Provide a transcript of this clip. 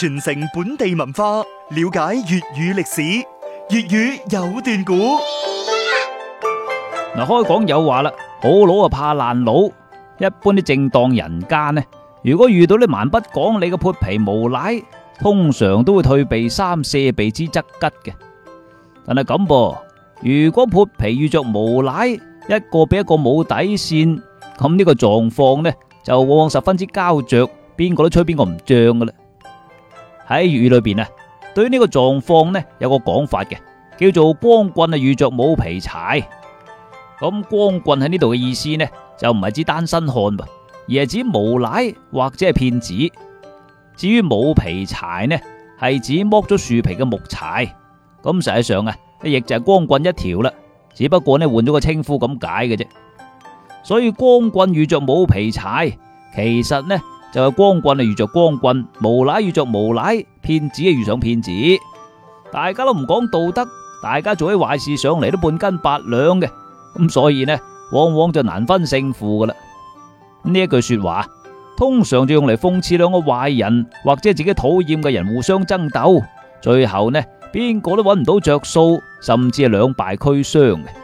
傳承本地文化，了解粵語歷史，粵語有段古嗱。 開講有話啦，好佬啊怕爛佬。一般啲正當人家呢，如果遇到啲蠻不講理嘅潑皮無賴，通常都會退避三舍，避之則吉嘅。但係咁噃，如果潑皮遇着無賴，一個比一個冇底線，咁呢個狀況呢就往往十分之膠着，邊個都吹邊個唔脹噶啦。喺粵語裏邊啊，對於呢個狀況呢，有個講法嘅，叫做光棍啊遇着冇皮柴。咁光棍喺呢度嘅意思呢，就唔係指單身漢噃，而係指無賴或者係騙子。至於冇皮柴呢，係指剝咗樹皮嘅木柴。咁實際上啊，亦就係光棍一條啦,只不過呢，換咗個稱呼咁解嘅啫。所以光棍遇着冇皮柴，其實呢，就係光棍啊，遇着光棍；無賴遇着無賴，騙子遇上騙子，大家都唔講道德，大家做起壞事上嚟都半斤八兩嘅。咁所以呢，往往就難分勝負噶啦。呢一句說話通常就用嚟諷刺兩個壞人或者自己討厭嘅人互相爭鬥，最後呢，邊個都搵唔到着數，甚至係兩敗俱傷嘅。